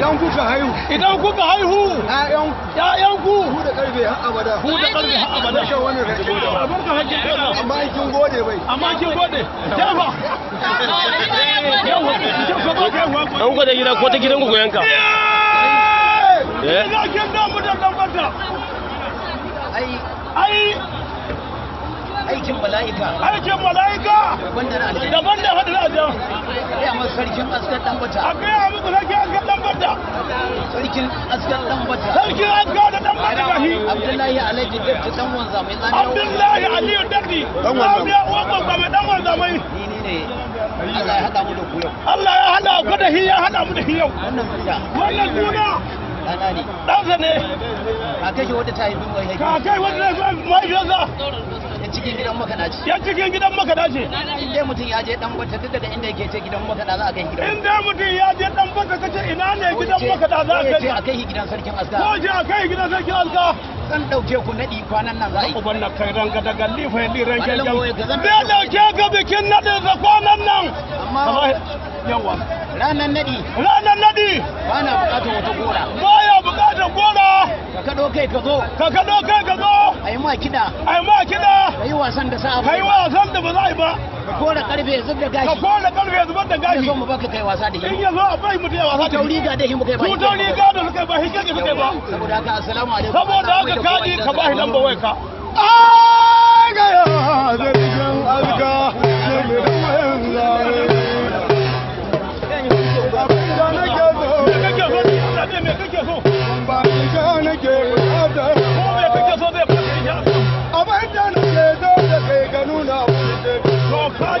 idan kuka haihu idan kuka haihu ƴaƴan ku ku da karfe har abada ku da karfe har abada shi wani rage abun ka hake amma kin gode bai amma kin gode dafa yawa ka ba ka yawa an gode gida ko ta gidan ku ko yanka eh kin da mu da lambata ai ai aikin mala'ika aikin mala'ika daban da hadin ajan ya sarkin askar dan bata akai abu da kake sarki bata sarkin askan dan bata sarkin da dan bata gahi abdullahi dan wanza mai abdullahi dan wanza wanza mai dan wanza mai ni ne Allah ya hada mu da ku yau Allah ya hada ku da hada mu da wannan suna wannan ɗana ne ɗansa ne kakai shi wadda ta haifi mai haifi kakai wadda ta haifi mahaifiyarsa ya cikin gidan makaɗa ce ya cikin gidan makaɗa ce inda mutum ya je dan bata duk daga inda yake ce gidan makaɗa za a kai gidan inda mutum ya je ɗan bata kace ina ne gidan makaɗa za a kai ko ya ce a kai gidan sarkin aska ko ya a kai gidan sarkin aska zan dauke ku naɗi kwanan nan za a yi. Uban na kai ranga daga lifa yadda ranke jam. Zai dauke ga bikin naɗin sa kwanan nan. Amma yawa. Ranar naɗi. Ranar kaɗo kai ka zo ka kaɗo kai ka zo a yi ma kiɗa a yi ma kiɗa ka yi wasan da sa'a ka yi wasan da ba za a yi ba ka kora karfe ya zubar da gashi ka kora karfe ya zubar da gashi In zo mu baka kai wasa da shi in ya zo a bai mu da wasa da shi riga da shi mu kai ba tutar riga da su kai ba shi da su kai ba saboda haka assalamu alaikum saboda haka kaji ka ba shi lamba wai ka ai ga ya zargin alka ne mai